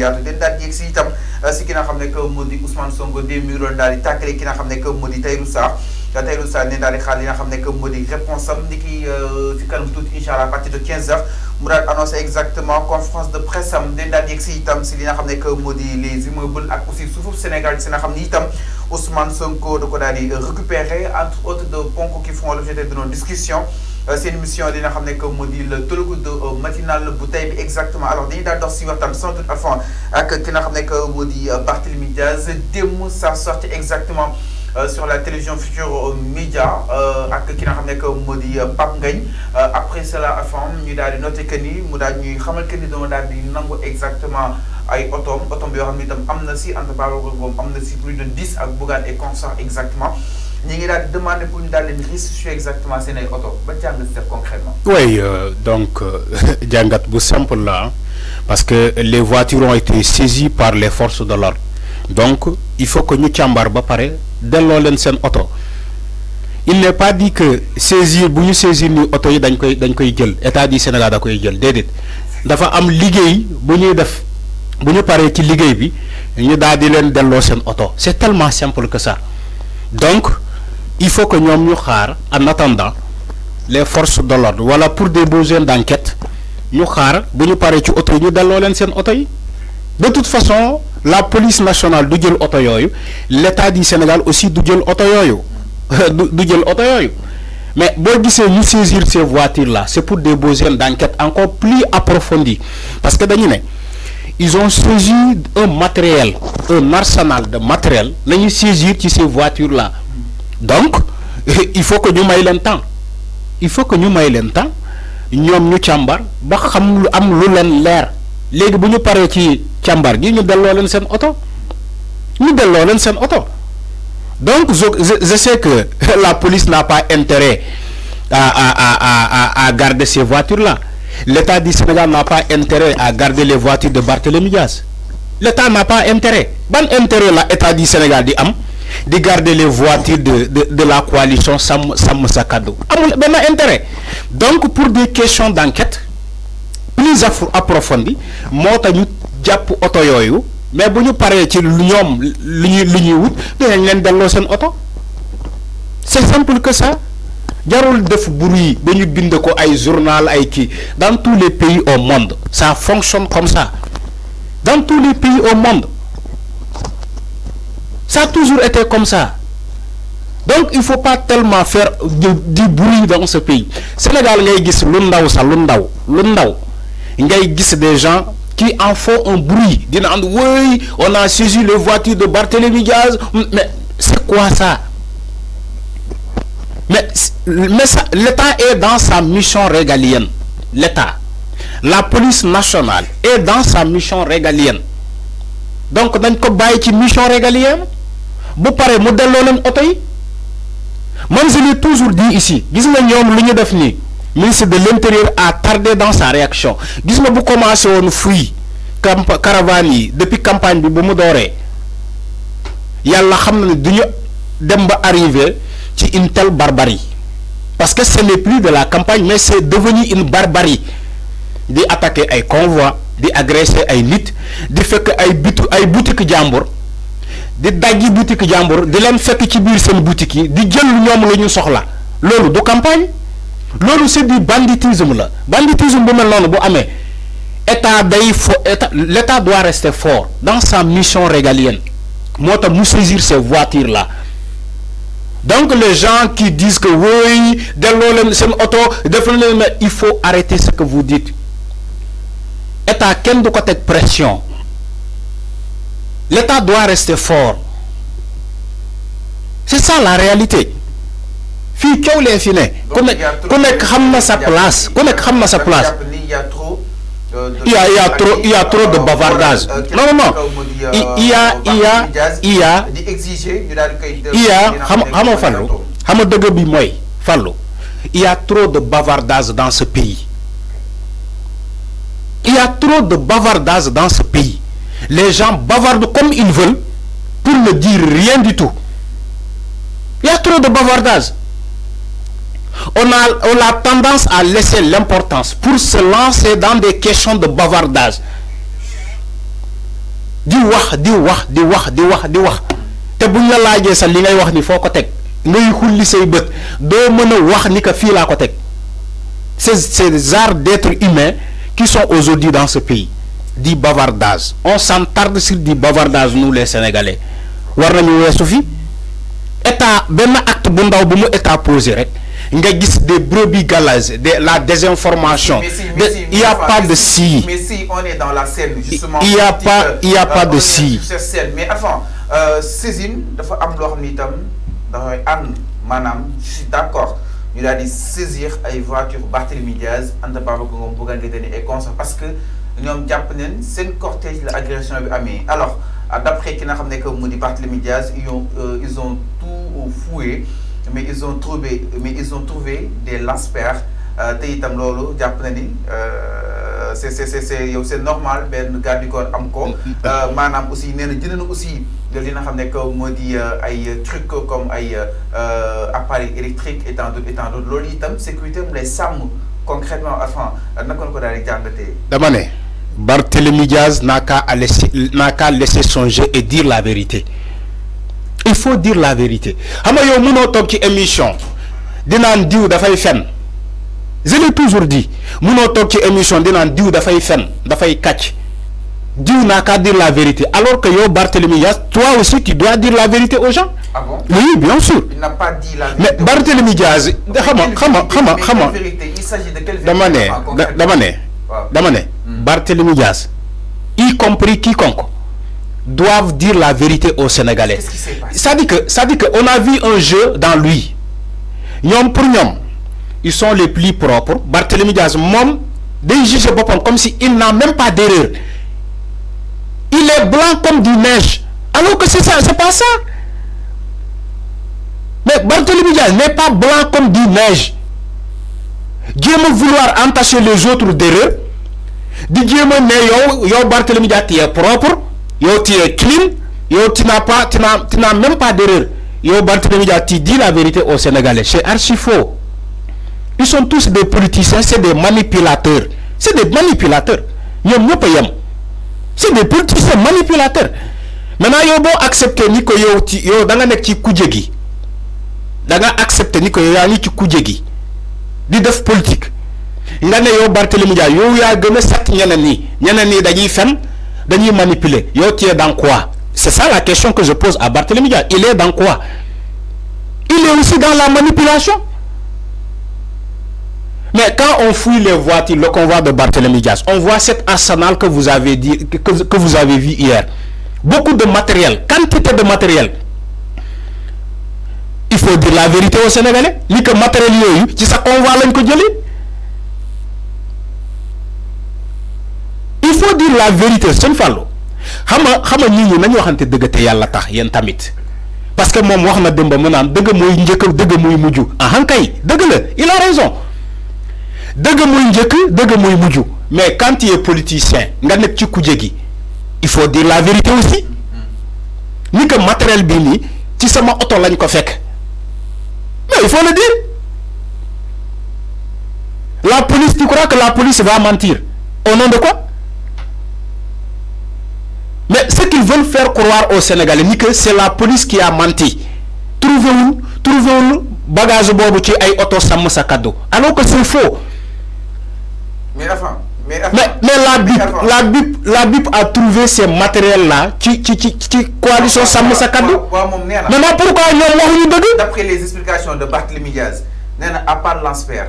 yaatu den daal yegg si itam euh, si ki nga xam ne que Modi Ousmane Sonko démb mi doon daal di tàkkale ki nga xam ne que Modi di Tahirou Sarr Tahirou Sarr ne daal di xaar li nga xam ne que Modi di réponse am ni ki ci euh, kanam tuuti incha allah à partir de 15 heures mu daal annoncé exactement conférence de presse am den daal yegg si itam si li nga xam ne que Modi les immeubles ak aussi suufu Sénégal si nga xam ni itam Ousmane Sonko da ko daal di euh, récupérer entre autres de ponk qui font l'objet de nos discussions une euh, émission mission de xam que le le de matinal bouteille exactement alors si sans doute avant ak ki nga que exactement sur la télévision future média ak ki nga xam que après cela avant ñu nous di noté que ni Nous daal ñuy xamal que ni dama daal exactement ay autom autom si plus de 10 ak Bougane et concert exactement ñi ngi daal demander pour nous daal je suis exactement seen ay oto ba jàngat def concrètement. oui euh, donc un euh, bu simple là parce que les voitures ont été saisies par les forces de l'ordre donc il faut que ñu càmbar ba pare delloo leen seen oto il n'est pas dit que saisir bu ñu saisir ni oto yi dañ koy dañ koy jël état du Sénégal da koy jël déedéet dafa am liggéey bu ñuy def bu ñu paree ci liggéey bi ñu daal di leen delloo seen oto c'est tellement simple que ça donc il faut que nous ñu en attendant les forces de l'ordre voilà pour des besoins d'enquête nous xaar de nous paraître ci oto dans l'ancien delloo de toute façon la police nationale du jël l'État du Sénégal aussi du jël oto yooyu du jël mais bon, gisee ñu saisir ces voitures là c'est pour des besoins d'enquête encore plus approfondis parce que dañu ils ont saisi un matériel un arsenal de matériel nañu saisir ci ces voitures là donc il faut que nous ayons le temps il faut que nous ayons le temps Nous, sommes càmbar ba xam lu am lu l'air, leer gens bu ñu paree nous sommes gi ñu nous sommes Nous nous ñu donc je sais que la police n'a pas intérêt à à à à garder ces voitures là l'État du Sénégal n'a pas intérêt à garder les voitures de Barthélémy Diaz l'État n'a pas intérêt ban intérêt la du Sénégal di am de garder les voitures de de la coalition sans sàmm sa amul intérêt donc pour des questions d'enquête plus approfondie moo tax ñu jàpp pour mais si nous paraît ci l'union l'union de lu ñuy wut de c'est simple que ça jarul def bruit journal dans tous les pays au monde ça fonctionne comme ça dans tous les pays au monde. Ça a toujours été comme ça. Donc il faut pas tellement faire du, bruit dans ce pays. Sénégal, il y a des gens qui en font un bruit. Ils disent oui, on a saisi les voiture de Barthélémy Gaz. Mais c'est quoi ça Mais, mais l'État est dans sa mission régalienne. L'État. La police nationale est dans sa mission régalienne. Donc, a une mission régalienne, bu paré mu delloo leen oto yi man je l'ai toujours dit ici gis na ñom lu def ministre de l'intérieur a tardé dans sa réaction gis vous bu commencé won fuy camp caravane depuis campagne bi bu mu doré yalla xam na ne du dem ci une telle barbarie parce que ce n'est plus de la campagne mais c'est devenu une barbarie di attaquer ay convois di agresser ay nit di fekk ay bitu ay boutique di dajji boutique jambour de len fekk ci sont seen boutique des di jël ñom lu ñu soxla lolu du campagne lolu c'est du banditisme la banditisme bu mel non bu amé état day l'état doit rester fort dans sa mission régalienne moi mu saisir ces voitures là donc les gens qui disent que oui de leen c'est auto def leen il faut arrêter ce que vous dites état ken du ko tek pression. L'État doit rester fort. C'est ça la réalité. Fille coow lee fi ne ku comment ku sa place est-ce qu'il a sa place il y a il y a trop il y a trop de bavardage non non il y a il y a il y a il y a xam xamoo Fallou xama dëgg bi Fallou il y a trop de bavardage dans ce pays il y a trop de bavardage dans ce pays les gens bavardent comme ils veulent pour ne dire rien du tout. Il y a trop de bavardage. On a, on a tendance à laisser l'importance pour se lancer dans des questions de bavardage. di ni ni ces ces arts d'être humain qui sont aujourd'hui dans ce pays du bavardage on s'entarde sur du bavardage nous les sénégalais Warna nañu Sophie fi état benn acte bu ndaw bu mu état posé rek nga gis des brebis galas, de la désinformation il n'y a pas de si mais si on est dans la scène justement il n'y a pas il n'y a pas de si mais avant euh, saisir, dafa am loo xam ne itam dafay manam, je suis d'accord il a dit saisir ay voitures Barthélémy Diaz Anta Babacar Ngom Bougane Gueye Dany et parce que ñoom japp neen seen cortège la agression bi amé alors ah, d'après ki nga xamné que mu di Barthélémy Diaz ils ont euh, ils ont tout foué mais ils ont trouvé mais ils ont trouvé des lance-pierres euh, te itam lolu japp na ni euh, c'est c'est c'est yow c'est normal ben garde du corps am ko manam mm, mm. aussi néna na jënd na aussi li nga xamné que moo ay truc comme ay euh, appareil électrique et tant d'autres et tant d'autres loolu itam sécurité mu lay sàmm concrètement enfin naka ko daal di dama né Barthélemy Diaz n'a qu'à laisser, laisser songer et dire la vérité. Il faut dire la vérité. Hamayo qui émission. Dinan Diou da Je l'ai toujours dit. émission. da Da Dieu n'a qu'à dire la vérité. Alors que yo Barthélémy Diaz, toi aussi tu dois dire la vérité aux gens. Ah oui, bien sûr. Il n'a pas dit la vérité. Mais Barthélemy Diaz, comment, comment, comment, comment. Il s'agit de quelle vérité Barthélemy Diaz, y compris quiconque, doivent dire la vérité aux Sénégalais. Ça dit que qu'on a vu un jeu dans lui. Yom pour ils sont les plus propres. Barthélemy Diaz, mom, des juges comme s'il il n'a même pas d'erreur. Il est blanc comme du neige. Alors que c'est ça, c'est pas ça. Mais Barthélémy Diaz n'est pas blanc comme du neige. Dieu veut vouloir entacher les autres d'erreur di jéem a ne yow yow Barthélemy Dias tu propre yow tu es clean yow tu n'as pas tu n'as tu n'as même pas d'erreur yow Barthélemy Dias tu la vérité au Sénégalais c'est archi faux ils sont tous des politiciens c'est des manipulateurs c'est des manipulateurs ñoom ñëpp c'est des politiciens manipulateurs maintenant yow boo accepté ni ko yow ci yow da nga nekk ci kuje da nga accepté ni ko yow yaa ngi ci kuje di politique. Il ne yow Barthélemy yow a des ñeneen qui ñeneen ñi dañuy fen dañuy manipuler dans quoi c'est ça la question que je pose à Barthélemy il est dans quoi il est aussi dans la manipulation mais quand on fouille les voitures le convoi de Barthélemy on voit cet arsenal que vous avez dit que, vous avez vu hier beaucoup de matériel quantité de matériel il faut dire la vérité au Sénégalais li que matériel yooyu ci sa convoi lañ ko jëlee faut dire la vérité c'est Fallou xam à nit ñi nañu waxante dëgg te tax tamit parce que moi moi na démb mu naan de mooy de dëgg muy mujj kay il a raison Deug moy de deug moy muju. mais quand il est politicien nga nek ci kuje il faut dire la vérité aussi ni que matériel bi tu ci sama auto lañ ko mais il faut le dire la police tu crois que la police va mentir au nom de quoi mais ce qu'ils veulent faire croire aux Sénégalais, c'est que c'est la police qui a menti. trouvez nous trouvez nous bagage bobu ci ay auto sam à cadeau. Alors que c'est faux. Mais mais, la BIP, la BIP, la a trouvé ces matériels-là qui, qui, qui, qui coalition Sam Mais mais pourquoi ils ont D'après les explications de Barthélémy Diaz, à part sphère.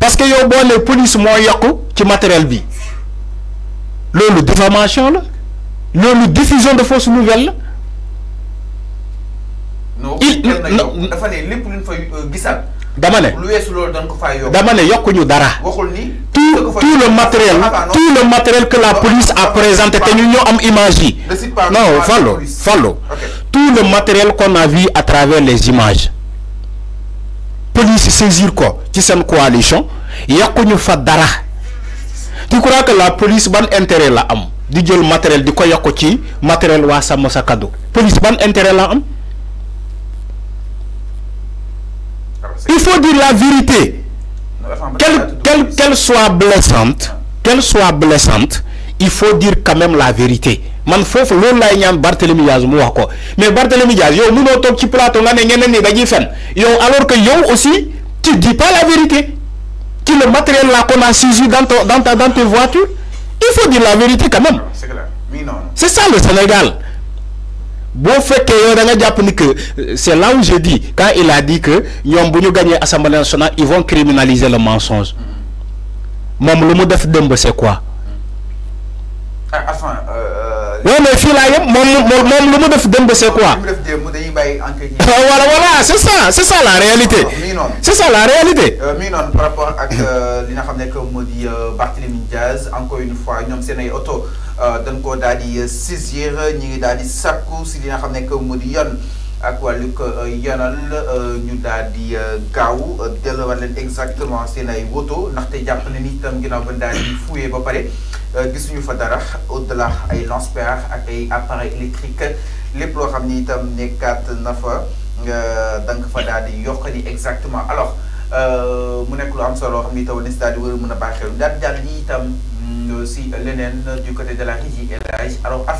parce que les policiers police matériels. matériel diffusion de fausses nouvelles tout le matériel tout le matériel que la police a présenté c'est non tout le matériel qu'on a vu à travers les images police saisir quoi ci une coalition yàquñu fa dara tu crois que la police ban intérêt la am di le matériel de y a ci matériel waa sàmm sa police ban intérêt la am il faut dire la vérité quelle quelle qu'elle soit blessante qu'elle soit blessante il faut dire quand même la vérité man fofu loolu lay ñaan Barthélemy mu wax ko mais Barthélemy Diaz yow nous tok ci plateau nga ne ñeneen ñi dañuy alors que yow aussi tu dis pas la vérité qui le matériel là qu'on a saisi dans ton dans ta dans tes voitures il faut dire la vérité quand même. c'est ça le Sénégal bon fait yow da nga que euh, c'est là où j'ai dit quand il a dit que ñom voulu gagner assemblée nationale ils vont criminaliser le mensonge même lu mu def demb c'est quoi. Ah, euh, oui mais fii laa yëpp moom lu mu def démb c'est quoi. Ah, voilà voilà c'est ça c'est ça la réalité. c'est ça la réalité. Euh, mi noonu par rapport ak euh, li nga xam ne que moo di euh, Barthélémy Diaz encore une fois ñoom seen ay oto dañ koo daal di saisir ñi ngi daal di sakku si li nga xam ne que moo di yoon ak wàllu yoonal ñu daal di gaaw delluwaat leen exactement seen ay woto ndaxte jàpp na ni itam a ba daal di fuyee ba pare. Euh, gisuñu fa dara au delà ay lance ak ay appareil électrique lépp loo xam ni itam nekkaat na fa euh, da nga fa daal di yokk exactement alors euh, mu nekk lu am solo xam ni itam daal di war a mën a baaxee daal di daal di itam mm, si leneen du côté de la régie et alors